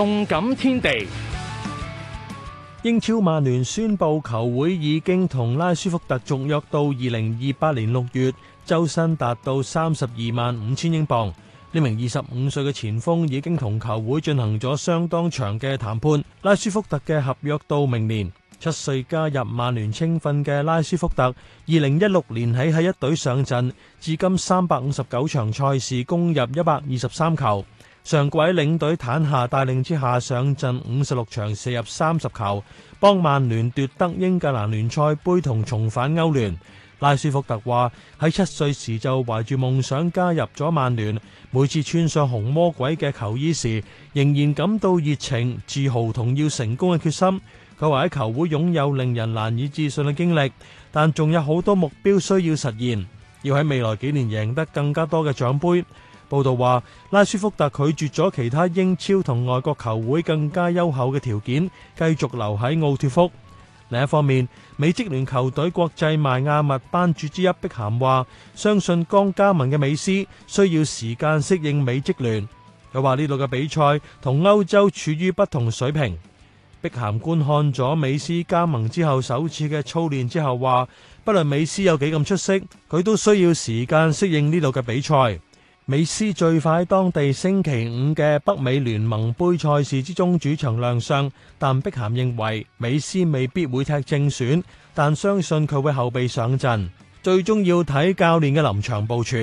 動感天地，英超曼聯宣佈，球會已經同拉舒福特續約到二零二八年六月，周薪達到三十二萬五千英鎊。呢名二十五歲嘅前鋒已經同球會進行咗相當長嘅談判。拉舒福特嘅合約到明年，七歲加入曼聯青訓嘅拉舒福特，二零一六年起喺一隊上陣，至今三百五十九場賽事攻入一百二十三球。上季領隊坦下帶領之下上陣報道話，拉舒福特拒絕咗其他英超同外國球會更加優厚嘅條件，繼續留喺奧脫福。另一方面，美職聯球隊國際邁阿密班主之一碧咸話，相信剛加盟嘅美斯需要時間適應美職聯。佢話呢度嘅比賽同歐洲處於不同水平。碧咸觀看咗美斯加盟之後首次嘅操練之後，話不論美斯有幾咁出色，佢都需要時間適應呢度嘅比賽。美斯最快當地星期五嘅北美聯盟盃賽事之中主場亮相，但碧咸認為美斯未必會踢正選，但相信佢會後備上陣，最終要睇教練嘅臨場部署。